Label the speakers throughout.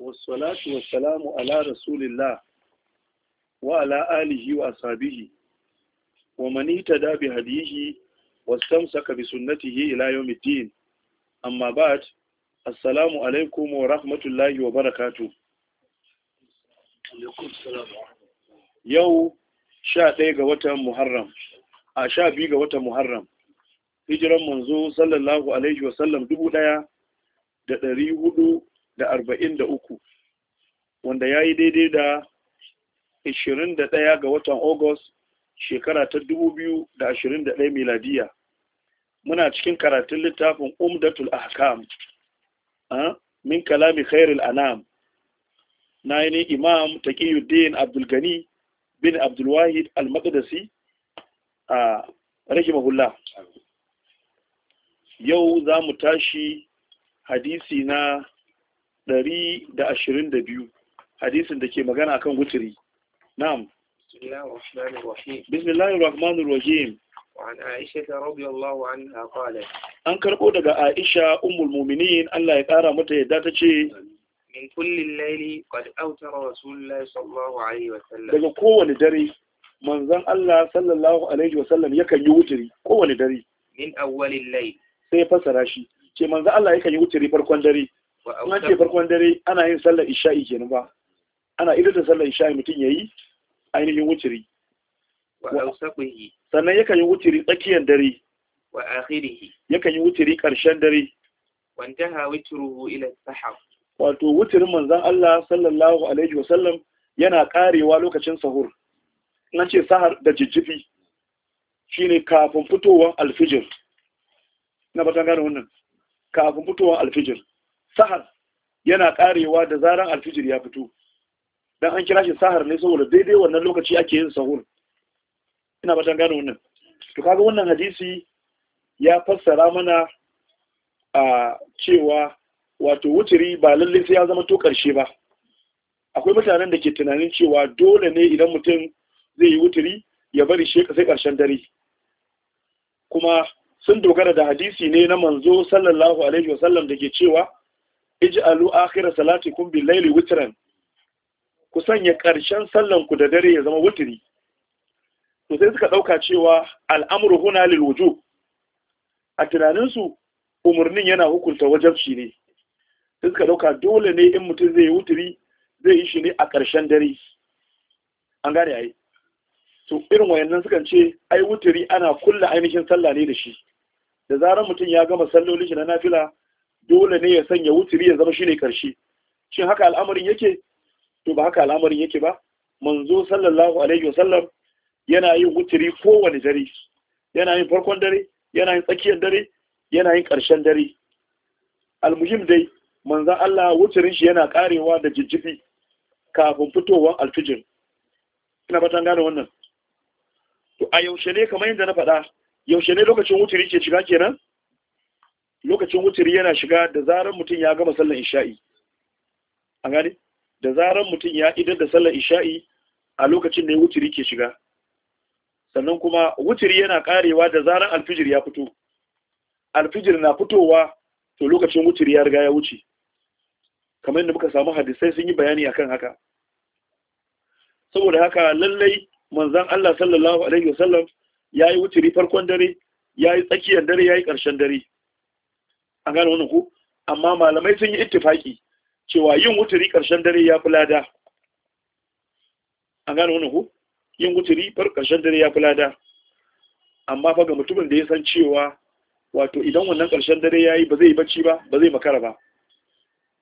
Speaker 1: wasalatu wasalamu ala rasulillah wa ala alihi wa ashabihi wa man ittaba bi hadihi wastamsaka bi sunnatihi ila yawmiddin amma ba'd assalamu alaikum wa rahmatullahi wa barakatu. yau sha ɗaya ga watan muharram a sha biyu ga watan muharram hijiran manzo sallallahu alaihi wasallam dubu ɗaya da ɗari hudu da arba'in da uku wanda ya yi daidai da ishirin da ɗaya ga watan ogos shekara ta dubu biyu da ashirin da ɗaya miladiya muna cikin karatun littafin umdatul ahkam min kalami khairul anam na yi imam taqiyuddin abdulgani bin abdulwahid al-maqdisi a rahimahullah yau za mu tashi hadisi na 122 hadisin da ke magana akan kan wuturi na'am bismillahir rahmanir rahim an aisha radiyallahu anha an karbo daga aisha ummul mu'minin Allah ya kara mata yadda ta ce min kulli layli qad awtara rasulullah sallallahu alaihi wasallam daga kowane dare manzon Allah sallallahu alaihi wasallam yakan yi wuturi kowane dare min awwalil layl sai fasara shi ce manzon Allah yakan yi wuturi farkon dare an ce farkon dare ana yin sallar isha'i kenan ba ana idar da sallar isha'i mutum ya yi ainihin wuturi sannan yakan yi wuturi tsakiyar dare yakan yi wuturi ƙarshen dare wantaha witruhu ila sahar wato wuturin manzon Allah sallallahu alaihi wasallam yana karewa lokacin sahur nan ce sahar da jijjifi shine kafin fitowar alfijir na batan wannan kafin fitowar alfijir sahar yana karewa da zaran alfijir ya fito dan an kira shi sahar ne saboda daidai wannan lokaci ake yin sahur ina batan gano wannan to kaga wannan hadisi ya fassara mana a cewa wato wuturi ba lalle sai ya zama to karshe ba akwai mutanen da ke tunanin cewa dole ne idan mutum zai yi wuturi ya bari shi sai karshen dare kuma sun dogara da hadisi ne na manzo sallallahu alaihi wasallam da ke cewa ij'alu akhira salatikum bil layli witran ku sanya karshen sallan ku da dare ya zama wuturi, to sai suka dauka cewa al'amru huna lil wujub a tunanin su umurnin yana hukunta wajabci ne sai suka dauka dole ne in mutum zai yi wutiri zai yi shi ne a karshen dare an gane ai to irin wayannan sukan ce ai wuturi ana kulla ainihin sallah ne da shi da zarar mutum ya gama sallolin shi na nafila dole ne ya sanya wuturi ya zama shi shine karshe shin haka al'amarin yake to ba haka al'amarin yake ba manzo sallallahu alaihi wasallam yana yin wuturi kowane dare yana yin farkon dare yana yin tsakiyar dare yana yin ƙarshen dare almuhim dai manzan Allah wuturin shi yana karewa da jijjifi kafin fitowar alfijir ina batan gane wannan to a yaushe ne kamar yadda na faɗa yaushe ne lokacin wuturi ke shiga kenan lokacin wuturi yana shiga da zarar mutum ya gama sallar isha'i an gane da zarar mutum ya idar da sallar isha'i a lokacin da ya wuturi ke shiga sannan kuma wuturi yana karewa da zarar alfijir ya fito alfijir na fitowa to lokacin wuturi ya riga ya wuce kamar yadda muka samu hadisai sun yi bayani akan haka saboda haka lallai manzan Allah sallallahu alaihi wasallam yayi wuturi farkon dare yayi tsakiyar dare yayi ƙarshen dare an gane wannan ku amma malamai sun yi ittifaki cewa yin wuturi ƙarshen dare ya fi lada an gane wannan ku yin wuturi far ƙarshen dare ya fi lada amma fa ga mutumin da ya san cewa wato idan wannan ƙarshen dare ya yi ba zai bacci ba ba zai makara ba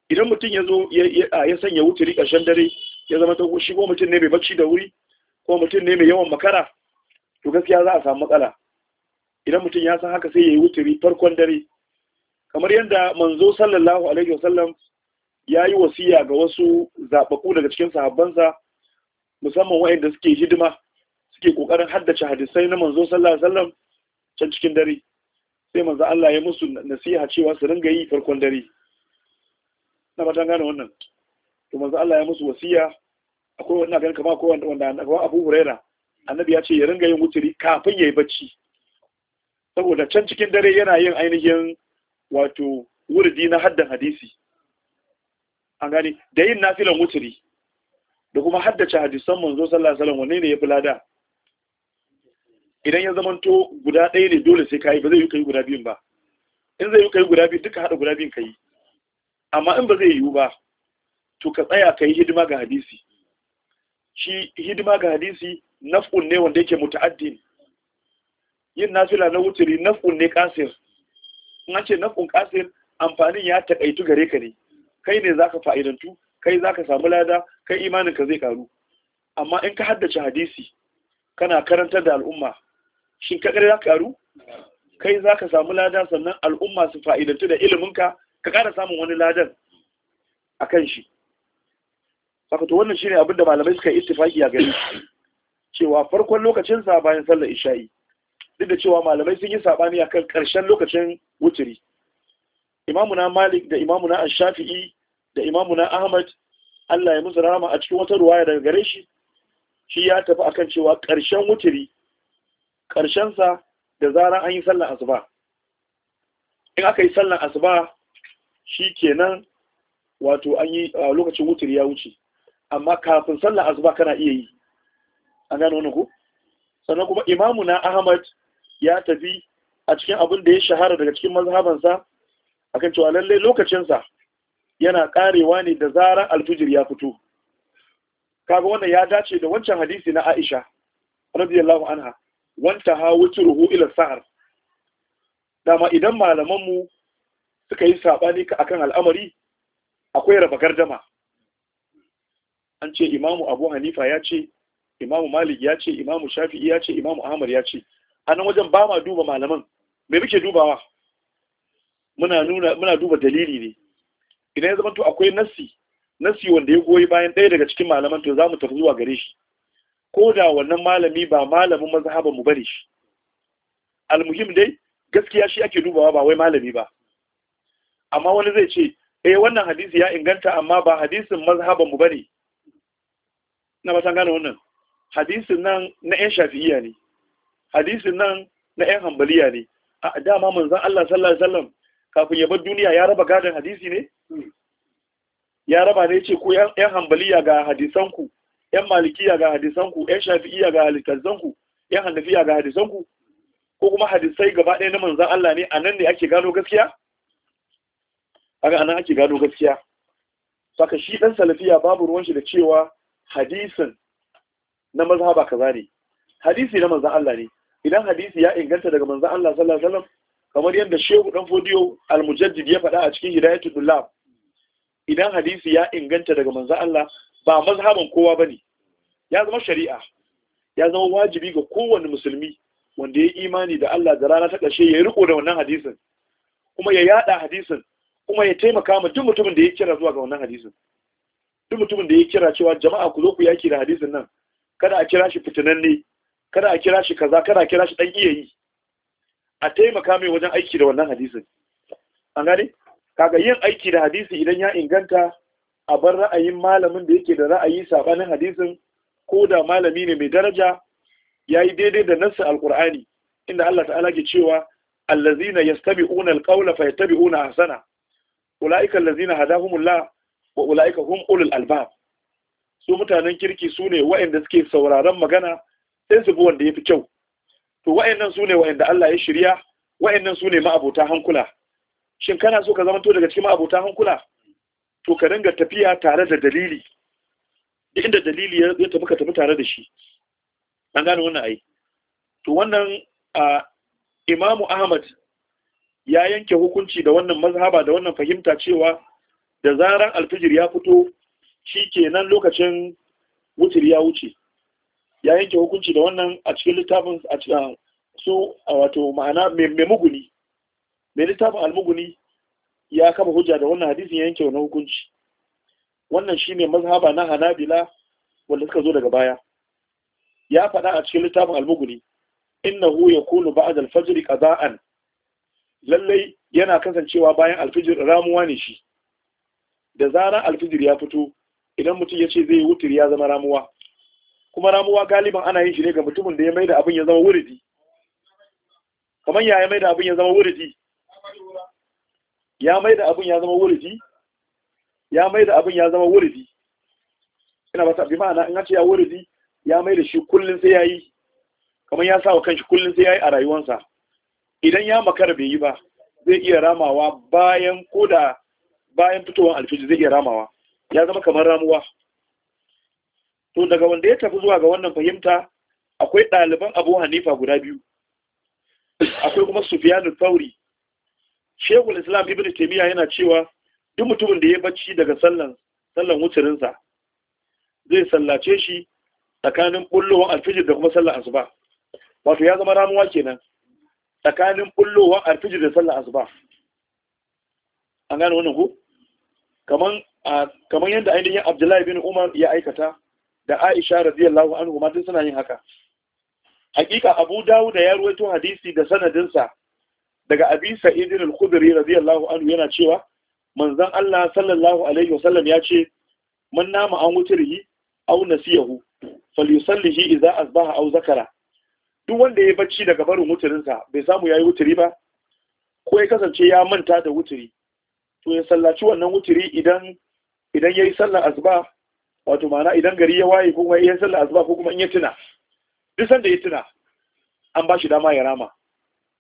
Speaker 1: idan mutum ya zo ya sanya wuturi ƙarshen dare ya zama ta shi ko mutum ne mai bacci da wuri ko mutum ne mai yawan makara to gaskiya za a samu matsala idan mutum ya san haka sai ya yi wuturi farkon dare kamar yadda manzo sallallahu alaihi wasallam ya yi wasiya ga wasu zaɓaɓɓu daga cikin sahabbansa musamman wa'anda suke hidima suke ƙoƙarin haddace hadisai na manzo sallallahu alaihi wasallam can cikin dare sai manzo Allah ya musu nasiha cewa su ringa yi farkon dare na ba gane wannan to manzo Allah ya musu wasiya akwai wannan ganin kamar akwai wanda akwai Abu Huraira annabi ya ce ya ringa yin wuturi kafin yayi bacci saboda can cikin dare yana yin ainihin wato wurdi na haddan hadisi an gani da yin nafilan wuturi da kuma haddace hadisan manzo sallallahu alaihi wasallam wanne ne yafi lada idan ya zamanto guda ɗaya ne dole sai kai ba zai yi kai guda biyun ba in zai yi kai guda biyu duka hada guda biyun kai amma in ba zai yiwu ba to ka tsaya kai hidima ga hadisi shi hidima ga hadisi naf'un ne wanda yake muta'addin yin nafila na wuturi naf'un ne kasir in an ce na qasir amfanin ya taƙaitu gare ka ne kai ne zaka fa'idantu kai zaka samu lada kai imanin ka zai karu amma in ka haddace hadisi kana karantar da al'umma shin ka kare zaka karu kai zaka samu lada sannan al'umma su fa'idantu da iliminka? ka kara ƙara samun wani ladan kan shi saka to wannan shine abin da malamai suka yi ittifaki a gari cewa farkon lokacin sa bayan sallar isha'i duk da cewa malamai sun yi saɓani a kan ƙarshen lokacin wuturi imamuna malik da imamuna al-shafi'i da imamuna ahmad allah ya musu rama a cikin wata ruwaya daga gare shi shi ya tafi akan cewa ƙarshen wuturi ƙarshensa da zarar an yi sallar asuba in aka yi sallar asuba shi kenan wato an yi lokacin wuturi ya wuce amma kafin sallar asuba kana iya yi an gano wani ku sannan kuma imamuna ahmad ya tafi a cikin abin da ya shahara daga cikin mazhabansa akan cewa lallai lokacinsa yana karewa ne da zarar alfijir ya fito kaga wannan ya dace da wancan hadisi na Aisha radiyallahu anha wanta ha wutruhu ila sa'ar dama idan malaman mu suka yi sabani akan al'amari akwai raba gardama an ce imamu abu hanifa ya ce imamu malik ya ce imamu shafi'i ya ce imamu ahmad ya ce a nan wajen ba ma duba malaman me muke dubawa muna nuna muna duba dalili ne idan ya zama to akwai nassi nassi wanda ya goyi bayan ɗaya daga cikin malaman to za mu tafi zuwa gare shi ko da wannan malami ba malamin mazhaba mu bari shi almuhim dai gaskiya shi ake dubawa ba wai malami ba amma wani zai ce eh wannan hadisi ya inganta amma ba hadisin mazhaban mu bane na ba gane wannan hadisin nan na 'yan shafi'iyya ne hadisin nan na ƴan hambaliya ne a dama manzon Allah sallallahu alaihi wasallam kafin ya bar duniya ya raba gadon hadisi ne hmm. ya raba ne ce ko ƴan hambaliya ga hadisanku ƴan malikiya ga hadisanku ƴan shafi'iya ga ku ƴan hanafiya ga hadisanku ko kuma hadisai gaba ɗaya na manzon Allah ne anan ne ake gano gaskiya kaga anan ake gano gaskiya saka shi dan salafiya babu ruwan shi da cewa hadisin na mazhaba kaza ne hadisi na manzon Allah ne idan hadisi ya inganta daga manzan Allah sallallahu alaihi wasallam kamar yadda Shehu Dan Fodiyo Al-Mujaddid ya faɗa a cikin Hidayatul Dullab idan hadisi ya inganta daga manzan Allah ba mazhaban kowa bane ya zama shari'a ya zama wajibi ga kowanne musulmi wanda ya imani da Allah da rana ta ƙarshe ya riko da wannan hadisin kuma ya yada hadisin kuma ya taimaka ma duk mutumin da ya kira zuwa ga wannan hadisin duk mutumin da ya kira cewa jama'a ku zo ku yaki da hadisin nan kada a kira shi ne. kada a kira shi kaza kada a kira shi dan iya a taimaka mai wajen aiki da wannan hadisin an gane kaga yin aiki da hadisi idan ya inganta a bar ra'ayin malamin da yake da ra'ayi sabanin hadisin ko da malami ne mai daraja ya yi daidai da nassin Alkur'ani, inda Allah ta'ala ke cewa allazina yastabi'una alqawla fayattabi'una ahsana ulaika allazina hadahumullah wa ulaika hum ulul albab su mutanen kirki su ne waɗanda suke sauraron magana sai su bi wanda ya fi kyau to wa'annan su ne wa'anda Allah ya shirya wa'annan su ne ma'abota hankula shin kana so ka zamanto daga cikin ma'abota hankula to ka dinga tafiya tare da dalili duk inda dalili ya tafi ka tafi tare da shi an gane wannan ai to wannan imamu ahmad ya yanke hukunci da wannan mazhaba da wannan fahimta cewa da zaran alfijir ya fito shi kenan lokacin wutir ya wuce ya yanke hukunci da wannan a cikin littafin a cikin su wato ma'ana mai muguni mai littafin almuguni ya kama hujja da wannan hadisin ya yanke wannan hukunci wannan shine mazhaba na hanabila wanda suka zo daga baya ya faɗa a cikin littafin almuguni innahu yakunu ba'da al-fajr qada'an lallai yana kasancewa bayan alfijir ramuwa ne shi da zarar alfijir ya fito idan mutum ya ce zai wutir ya zama ramuwa kuma ramuwa galiban ana yin shi ne ga mutumin da ya mai da abin ya zama wuridi kamar ya mai da abin ya zama wuridi ya mai da abin ya zama wuridi ya mai da abin ya zama wuridi ina ba ta bi ma'ana in ce ya wuridi ya mai da shi kullun sai yayi kamar ya sawa kanshi kullun sai yayi a rayuwarsa idan ya makara bai yi ba zai iya ramawa bayan koda bayan fitowar alfiji zai iya ramawa ya zama kamar ramuwa to daga wanda ya tafi zuwa ga wannan fahimta akwai ɗaliban abu hanifa guda biyu akwai kuma sufiyanu tauri shekul islam ibn taimiyya yana cewa duk mutumin da ya bacci daga sallan sallan wucirinsa zai sallace shi tsakanin bullowar alfijir da kuma sallan asuba wato ya zama ramuwa kenan tsakanin bullowar alfijir da sallan asuba an gane wannan ku Kamar yadda ainihin abdullahi bin umar ya aikata da Aisha radiyallahu anhu ma duk suna yin haka hakika Abu Dawud ya ruwaito hadisi da sanadinsa daga Abi Sa'id al-Khudri radiyallahu anhu yana cewa manzon Allah sallallahu alaihi wasallam ya ce man nama an wutrihi aw nasiyahu falyusallihi idza asbaha aw zakara duk wanda ya bacci daga barin sa bai samu yayi wuturi ba ko ya kasance ya manta da wuturi to ya sallaci wannan wuturi idan idan yayi sallar asba wato ma'ana idan gari ya waye ko kuma iya sallar asuba ko kuma in ya tuna duk sanda ya tuna an ba shi dama ya rama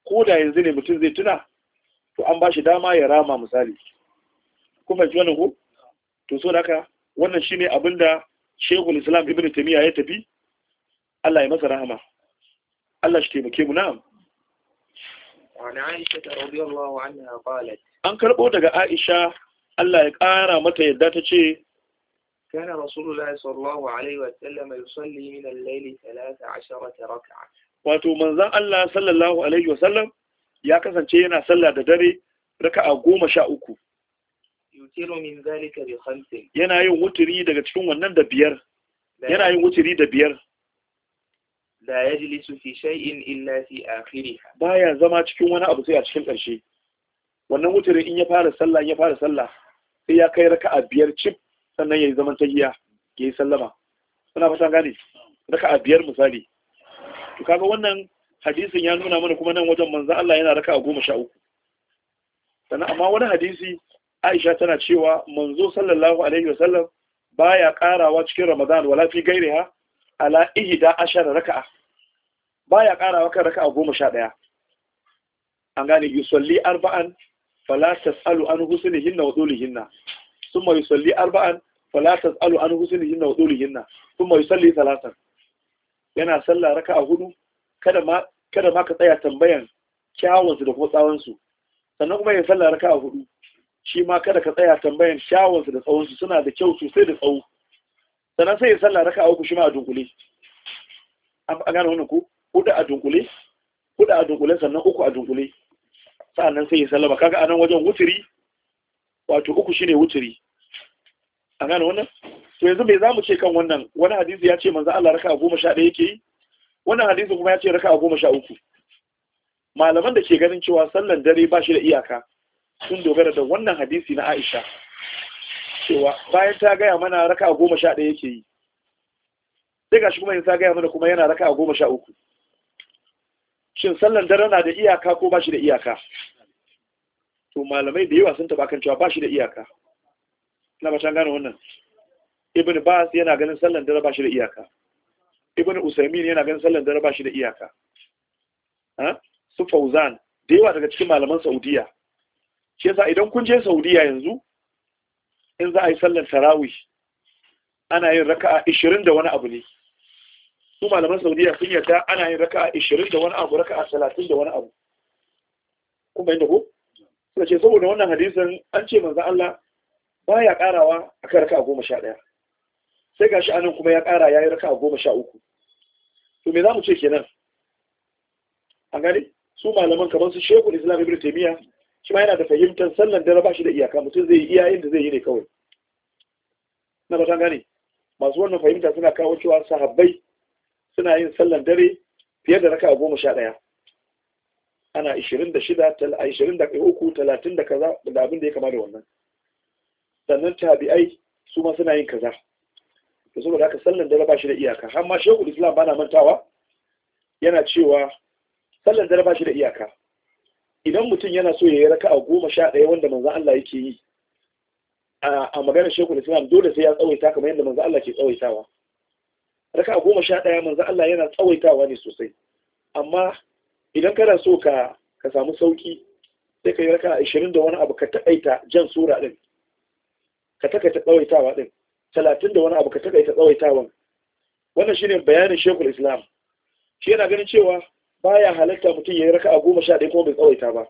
Speaker 1: ko da yanzu ne mutum zai tuna to an ba shi dama ya rama misali kuma ji wannan ko to so haka wannan shine abin da Sheikhul Islam Ibn Taymiyyah ya tafi Allah ya masa rahama Allah shi taimake mu na'am an karbo daga Aisha Allah ya ƙara mata yadda ta ce كان رسول الله صلى الله عليه وسلم يصلي من الليل 13 ركعة wato manzon Allah sallallahu alaihi wasallam ya kasance yana sallah da dare raka'a goma sha uku yutiru min zalika bi khamsin yana yin wuturi daga cikin wannan da biyar yana yin wuturi da biyar la yajlisu fi shay'in illa fi akhiriha baya zama cikin wani abu sai a cikin karshe wannan wuturin in ya fara sallah ya fara sallah sai ya kai raka'a biyar cif sannan ya yi zaman giya, ya yi sallama suna fata gane raka a biyar misali to kaga wannan hadisin ya nuna mana kuma nan wajen manzan Allah yana raka a goma sha uku sannan amma wani hadisi Aisha tana cewa manzo sallallahu alaihi wa sallam baya karawa cikin Ramadan wala fi gairiha ala ihda ashara raka'a baya karawa kan raka'a goma sha ɗaya an gane yusalli arba'an fala tasalu an husnihinna wa dulihinna thumma yusalli arba'an fala tasalu an husnihinna wa dulihinna thumma yusalli thalathan yana sallah raka'a hudu kada ma kada ma ka tsaya tambayan kyawun su da kuma tsawon su sannan kuma ya sallah raka'a hudu shi ma kada ka tsaya tambayan kyawun su da tsawon su suna da kyau sosai da tsawo sannan sai ya sallah raka'a uku shi ma a dunkule an gane wannan ko hudu a dunkule hudu a dunkule sannan uku a dunkule sa'annan sai ya sallama kaga anan wajen wutiri wato uku shine wuturi an gane wannan to yanzu me zamu ce kan wannan wani hadisi ya ce manzo Allah raka'a goma sha ɗaya yake yi wannan hadisi kuma ya ce raka'a goma sha uku malaman da ke ganin cewa sallan dare ba shi da iyaka sun dogara da wannan hadisi na Aisha cewa bayan ta gaya mana raka'a goma sha ɗaya yake yi sai gashi kuma yanzu ta gaya mana kuma yana raka'a goma sha uku shin sallan dare na da iyaka ko ba shi da iyaka to malamai da yawa sun taba kan cewa ba shi da iyaka ina ba can gane wannan ibn bas yana ganin sallan dare ba shi da iyaka ibn usaymin yana ganin sallan dare ba shi da iyaka su fauzan da yawa daga cikin malaman saudiya shi yasa idan kun je saudiya yanzu in za a yi sallan tarawih ana yin raka'a 20 da wani abu ne su malaman saudiya sun yarda ana yin raka'a 20 da wani abu raka'a 30 da wani abu kuma inda ko suka ce saboda wannan hadisin an ce manzan Allah baya karawa akan raka goma sha ɗaya sai gashi anan kuma ya kara yayi raka goma sha uku to me za mu ce kenan an gani su malaman kamar su shekul islam ibn taimiyya shi ma yana da fahimtar sallan dare ba shi da iyaka mutum zai yi iya inda zai yi ne kawai na ba gane masu wannan fahimta suna kawo cewa sahabbai suna yin sallan dare fiye da raka goma sha ɗaya ana 26 30 da kaza da abin da ya kama da wannan sannan tabi'ai su ma suna yin kaza da saboda haka sallan dare ba shi da iyaka har ma shekul islam bana mantawa yana cewa sallan dare ba shi da iyaka idan mutum yana so ya yi raka'a goma sha ɗaya wanda manzo Allah yake yi a maganar shekul islam dole sai ya tsawaita kamar yadda manzo Allah ke tsawaitawa raka'a goma sha ɗaya manzan Allah yana tsawaitawa ne sosai amma idan kana so ka ka samu sauki sai ka yi raka ashirin da wani abu ka taƙaita jan sura ɗin ka taƙaita tsawaitawa ɗin talatin da wani abu ka taƙaita tsawaitawan wannan shine bayanin shekul islam shi yana ganin cewa baya halatta mutum ya yi raka a goma sha ɗaya kuma bai tsawaita ba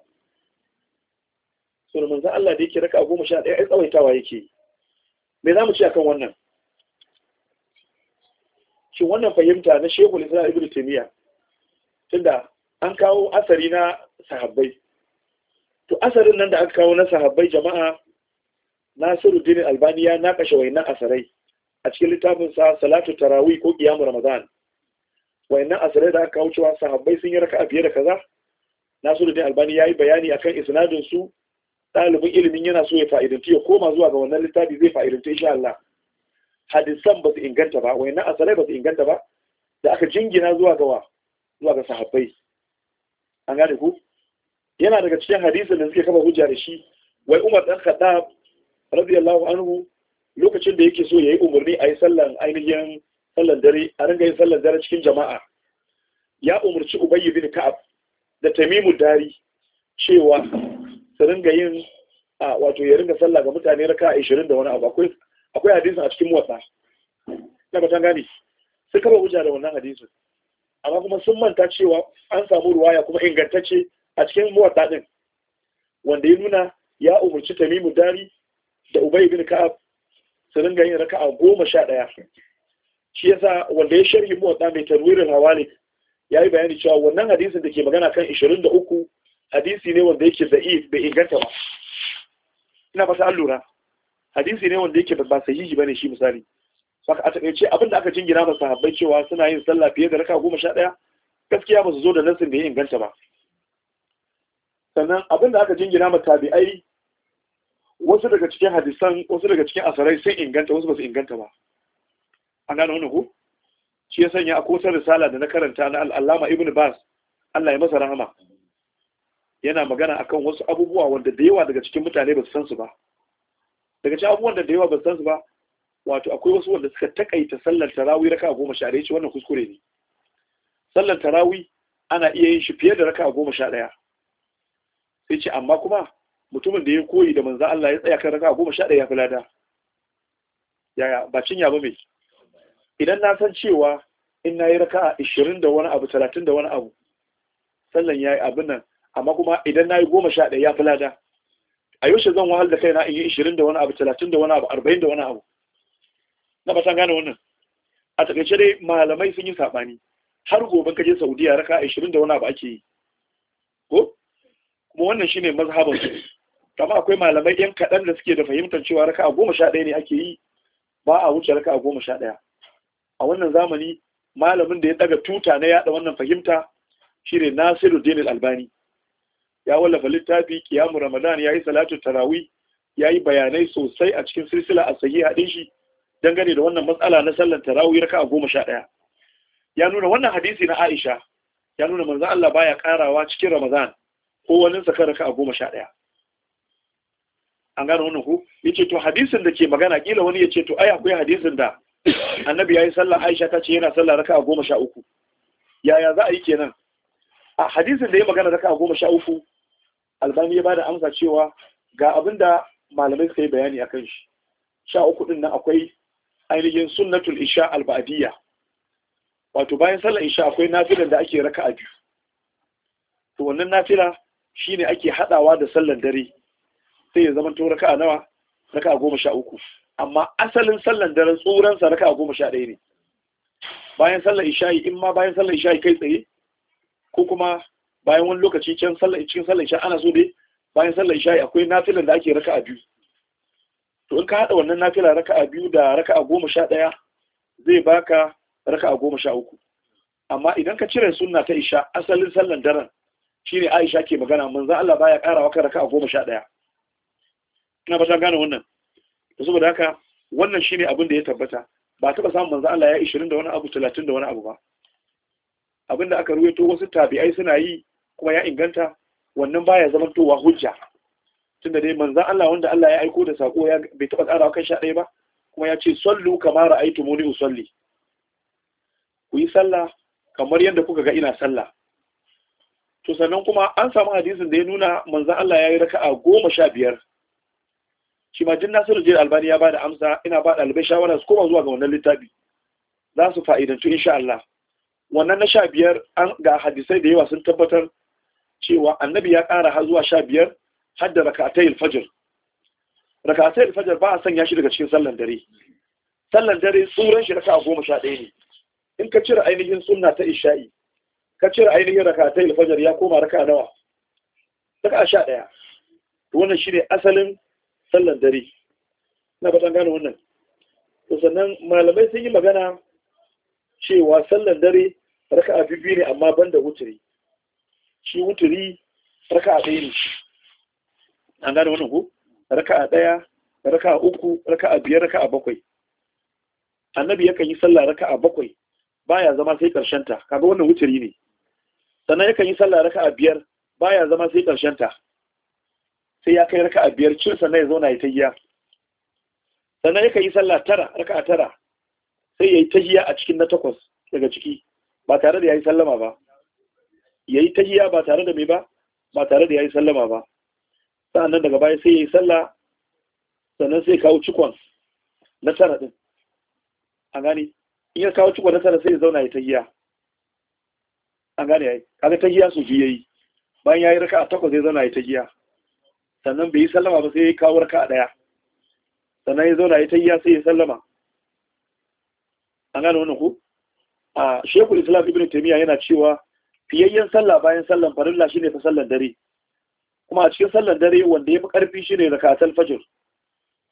Speaker 1: sunan manzo Allah da yake raka a goma sha ɗaya ai tsawaitawa yake me za mu ci akan wannan shin wannan fahimta na shekul islam ibnu taymiya tunda an kawo asari na sahabbai to asarin nan da aka kawo na sahabbai jama'a nasiruddin albani ya nakashe wayannan asarai a cikin littafin sa salatu tarawih ko qiyamu ramadan wayannan asarai da aka kawo cewa sahabbai sun yi raka'a biyar da kaza nasiruddin albani yayi bayani akan isnadin su ɗalibin ilimin yana so ya fa'idanci ya koma zuwa ga wannan littafi zai fa'idanci insha Allah hadisan ba su inganta ba wayannan asarai ba su inganta ba da aka jingina zuwa ga wa zuwa ga sahabbai an gane ku yana daga cikin hadisin da suke kama hujja da shi wai Umar dan Khattab radiyallahu anhu lokacin da yake so yayi umarni a yi sallan ainihin sallan dare a ringa yin sallan dare cikin jama'a ya umarci Ubayy bin Ka'ab da Tamimu Dari cewa su ringa yin a wato ya ringa sallah ga mutane raka 20 da wani abu akwai akwai hadisin a cikin motsa na ba ta gane sai kama hujja da wannan hadisin amma kuma sun manta cewa an samu ruwaya kuma ingantacce a cikin muwatta ɗin wanda ya nuna ya umarci tamimu dari da ubai bin ka'ab su ringa yin raka'a goma sha ɗaya shi yasa wanda ya sharhi muwatta mai tarwirin ne, ya yi bayani cewa wannan hadisin da ke magana kan 23 hadisi ne wanda yake za'i bai inganta ba ina fasa an hadisi ne wanda yake ba sahihi bane shi misali saka a takaice abin da aka jingina ba sahabbai cewa suna yin sallah fiye da raka goma sha ɗaya gaskiya ba su zo da nasin da ya inganta ba sannan abin da aka jingina ma tabi'ai wasu daga cikin hadisan wasu daga cikin asarai sun inganta wasu ba su inganta ba an gano wani ku shi ya sanya a wata risala da na karanta na al'allama ibn bas allah ya masa rahama yana magana akan wasu abubuwa wanda da yawa daga cikin mutane ba su san su ba daga cikin abubuwan da da yawa ba su san su ba wato akwai wasu wanda suka takaita sallar tarawi raka goma sha ɗaya ce wannan kuskure ne sallar tarawi ana iya yin shi fiye da raka goma sha ɗaya sai ce amma kuma mutumin da ya koyi da manzan Allah ya tsaya kan raka goma sha ɗaya ya fi lada yaya ba cinya ba mai idan na san cewa in na yi raka ishirin da wani abu talatin da wani abu sallan ya yi abin nan amma kuma idan na yi goma sha ɗaya ya fi lada a yaushe zan wahal da kaina in yi ishirin da wani abu talatin da wani abu arba'in da wani abu na basan gane wannan a takaice dai malamai sun yi saɓani har gobe ka je saudiya raka ashirin da wani abu ake yi ko kuma wannan shine mazhaban su kama akwai malamai yan kaɗan da suke da fahimtar cewa raka goma sha ɗaya ne ake yi ba a wuce raka goma sha ɗaya a wannan zamani malamin da ya daga tuta na yaɗa wannan fahimta shine nasiru dinil albani ya wallafa littafi kiyamu ramadan ya yi salatu tarawi ya yi bayanai sosai a cikin silsila a sahiha ɗin shi dangane da wannan matsala na sallar tarawih raka goma sha ɗaya ya nuna wannan hadisi na Aisha ya nuna manzo Allah baya karawa cikin Ramadan ko wani sakar raka goma sha ɗaya an gano wannan ku yace to hadisin da ke magana kila wani yace to ai akwai hadisin da annabi yayi sallar Aisha ta ce yana sallar raka goma sha uku yaya za a yi kenan a hadisin da ya magana raka goma sha uku albani ya bada amsa cewa ga abinda malamai suka yi bayani akan shi sha uku din nan akwai ainihin sunnatul isha alba'diyya wato bayan sallar isha akwai nafilan da ake raka'a biyu to wannan nafila shine ake hadawa da sallar dare sai ya zama to raka'a nawa raka'a goma sha uku amma asalin sallar dare tsoron sa raka'a goma sha ɗaya ne bayan sallar isha in ma bayan sallar isha kai tsaye ko kuma bayan wani lokaci can sallar cikin sallar isha ana so dai bayan sallar isha akwai nafilan da ake raka'a biyu to in ka haɗa wannan nafila raka'a biyu da raka'a goma sha ɗaya zai baka raka'a goma sha uku amma idan ka cire sunna ta isha asalin sallan daren shine aisha ke magana manzan Allah baya ƙara ƙarawa raka raka'a goma sha ɗaya ina ba ta gane wannan to saboda haka wannan shine abin da ya tabbata ba taɓa samun manzan Allah ya ishirin da wani abu talatin da wani abu ba abin da aka ruwaito wasu tabi'ai suna yi kuma ya inganta wannan baya zamantowa hujja tunda dai manzan Allah wanda Allah ya aiko da sako ya bai taɓa ƙara kan sha ɗaya ba kuma ya ce sallu kamar ra'aytu muni usalli ku yi sallah kamar yadda kuka ga ina sallah to sannan kuma an samu hadisin da ya nuna manzan Allah ya yi raka'a goma sha biyar shi ma jinna nasiru jiyar albani ya bada amsa ina ba ɗalibai shawara su koma zuwa ga wannan littafi za su fa'idantu insha Allah wannan na sha biyar an ga hadisai da yawa sun tabbatar cewa annabi ya ƙara har zuwa sha biyar hadda rakatai alfajr rakatai alfajr ba a sanya shi daga cikin sallan dare sallan dare tsuran shi raka'a goma sha ɗaya ne in ka cire ainihin sunna ta isha'i ka cire ainihin rakatai alfajr ya koma raka'a nawa raka'a sha ɗaya wannan shine asalin sallan dare na ba gane wannan to sannan malamai sun yi magana cewa sallan dare raka'a bibbi ne amma banda wuturi shi wuturi raka'a ɗaya ne an gane wannan ko raka'a ɗaya raka'a uku raka'a biyar raka'a bakwai annabi yakan yi sallah raka'a bakwai baya zama sai karshen ta kaga wannan wuturi ne sannan yakan yi sallah raka'a biyar baya zama sai karshen ta sai ya kai raka'a biyar cin sannan ya zauna ya tahiya sannan yakan yi sallah tara raka'a tara sai ya yi tahiya a cikin na takwas daga ciki ba tare da ya yi sallama ba ya yi tahiya ba tare da me ba ba tare da ya yi sallama ba sa'annan daga baya sai ya yi sallah sannan sai kawo cikon na tara din an gane in ya kawo cikon na tara sai ya zauna ya tahiya an gane yi kaga tahiya su ya yi bayan ya yi raka a takwas ya zauna ya tahiya sannan bai yi sallama ba sai ya kawo a ɗaya. sannan ya zauna ya tahiya sai ya sallama an gane wannan ku a shekul islam ibn taimiyya yana cewa fiyayyen sallah bayan sallan farilla shine ta sallan dare kuma a cikin sallar dare wanda ya fi ƙarfi shi ne rakatul fajir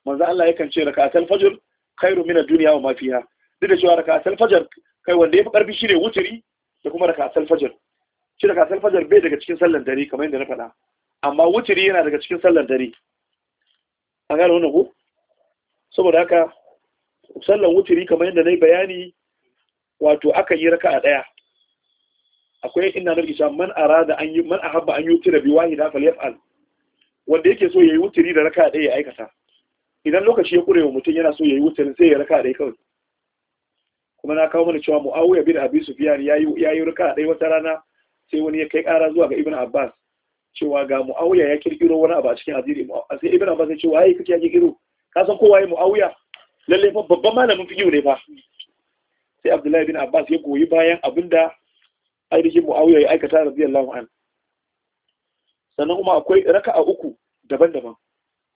Speaker 1: manzo Allah yakan ce rakatul fajir khairu min ad-dunya wa ma fiha duk da cewa rakatul fajir kai wanda ya fi ƙarfi shi ne wuturi da kuma rakatul fajir shi rakatul fajir bai daga cikin sallar dare kamar yadda na faɗa amma wuturi yana daga cikin sallar dare an gane wannan ko saboda haka sallar wuturi kamar yadda na yi bayani wato aka yi raka'a ɗaya akwai ina na isa man arada an yi man ahabba an yutira bi wahida falyaf'al wanda yake so yayi wutiri da raka ɗaya ya aikata idan lokaci ya kurewa mutum yana so yayi wutirin sai ya raka ɗaya kawai kuma na kawo mana cewa muawiya bin abi sufyan yayi yayi raka ɗaya wata rana sai wani ya kai ƙara zuwa ga ibn abbas cewa ga muawiya ya kirkiro wani abu a cikin A sai ibn abbas ya ce waye kake ya kirkiro ka san kowa ya muawiya lalle fa babban malamin fiqh ne fa sai abdullahi bin abbas ya goyi bayan abinda ainihin muawiya ya aikata radiyallahu an sannan kuma akwai raka'a uku daban-daban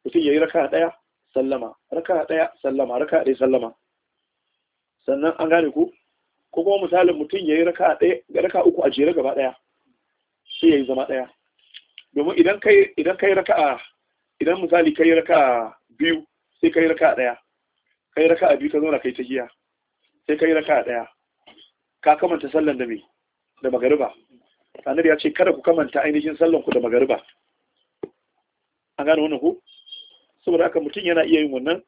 Speaker 1: mutum yayi raka'a daya sallama raka'a daya sallama raka'a daya sallama sannan an gane ku ko kuma misalin mutum yayi raka'a daya raka'a uku a jere gaba daya sai yayi zama daya domin idan kai idan kai raka'a idan misali kai raka'a biyu sai kai raka'a daya kai raka'a biyu ka zauna kai ta giya sai kai raka'a daya ka kamanta sallan da me da magariba annabi ya ce kada ku kamanta ainihin sallan ku da magariba an gane wannan ku saboda haka mutum yana iya yin wannan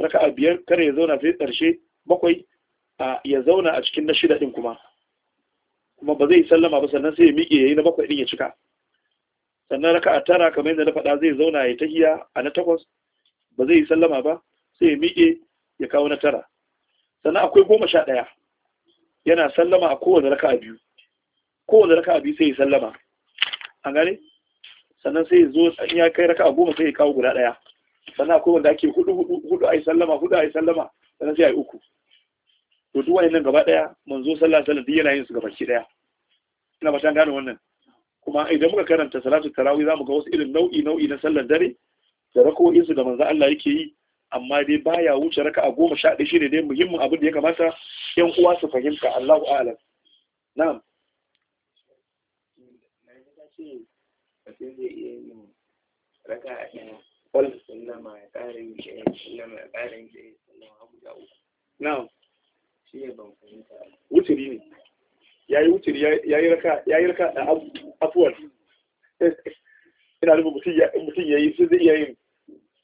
Speaker 1: raka'a biyar kada ya zauna sai karshe bakwai ya zauna a cikin na shida din kuma kuma ba zai sallama ba sannan sai ya miƙe yayi na bakwai din ya cika sannan raka'a tara kamar yadda na faɗa zai zauna ya tahiya a na takwas ba zai sallama ba sai ya miƙe ya kawo na tara sannan akwai goma sha ɗaya yana sallama a kowane raka'a biyu kowane raka biyu sai ya sallama an gane sannan sai ya zo in ya kai raka goma sai ya kawo guda ɗaya sannan akwai wanda ake hudu hudu hudu a sallama hudu a sallama sannan sai a yi uku to duk wannan nan gaba ɗaya manzo sallah sallah duk yana yin su gabaki ɗaya ina ba ta gane wannan kuma idan muka karanta salatu tarawih zamu ga wasu irin nau'i nau'i na sallar dare da rako'in su da manzo Allah yake yi amma dai baya wuce raka'a goma sha ɗaya shine dai muhimmin abin da ya kamata yan uwa su fahimta Allahu a'lam na'am ce mutum zai iya yin raka a ɗaya ya ƙara yin ɗaya ya ƙara yin ɗaya guda uku na'am shi ne ban fahimta wuturi ne wuturi raka yayi raka a afuwar ina nufin mutum ya sai zai iya yin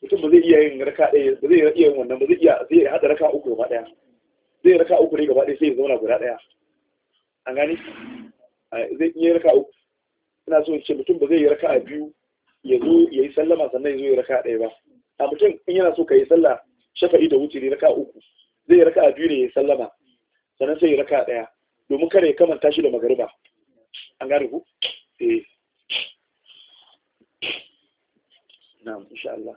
Speaker 1: mutum ba zai iya yin raka ɗaya ba zai iya yin wannan ba zai iya zai haɗa raka uku gaba ɗaya zai raka uku ne gaba ɗaya sai ya zauna guda ɗaya an gani zai iya raka uku ina so ce mutum ba zai yi raka'a biyu ya zo ya yi sallama sannan ya zo ya raka'a ɗaya ba a mutum in yana so ka yi sallah shafa'i da wuce ne raka'a uku zai yi raka'a biyu ne ya yi sallama sannan sai ya raka'a ɗaya domin kada ya kamanta shi da magariba an gane ku eh na'am insha Allah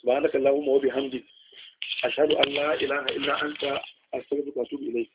Speaker 1: subhanaka allahumma wa bihamdik ashhadu an la ilaha illa anta astaghfiruka wa atubu ilayk